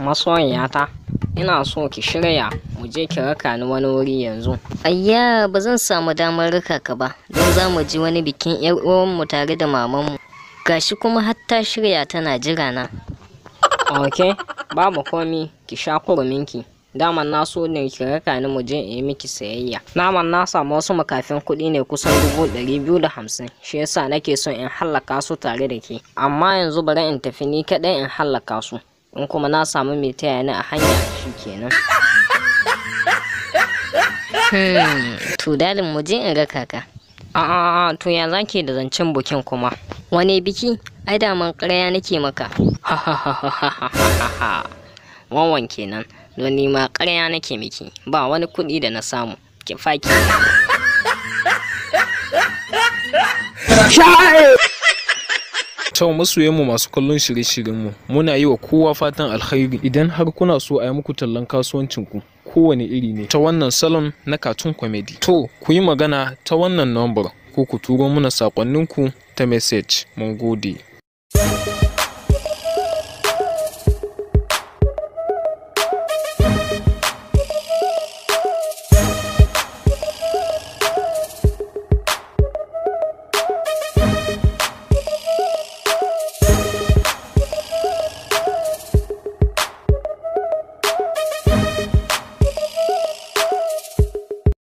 masoyiyata ina so ki shirya mu je ki raka ni wani wuri yanzu ayya ba zan samu damar raka ka ba don za mu ji wani bikin yar mu tare da maman mu gashi kuma hatta shirya tana jira na ok babu komi ki sha ki daman na so ne ki raka ni mu je in yi miki sayayya naman na samu wasu makafin kuɗi ne kusan dubu ɗari biyu da hamsin shi yasa nake son in hallaka su tare da ke amma yanzu bari in tafi ni kaɗai in hallaka su in kuma na samu mai taya ni a hanyar shi kenan hmm. to dalin mu je in ga kaka a'a to ya zake da zancen bukin kuma wani biki ai man ƙarya nake maka wawan kenan don nima ƙarya nake miki ba wani kuɗi da na samu ki faki wa masoyanmu masu kallon shirye-shiryenmu muna yi wa kowa fatan alkhairi idan har kuna so a yi muku tallan kasuwancinku kowane iri ne ta wannan salon na katun comedy to ku yi magana ta wannan number ko ku turo muna sakonninku ta message mun gode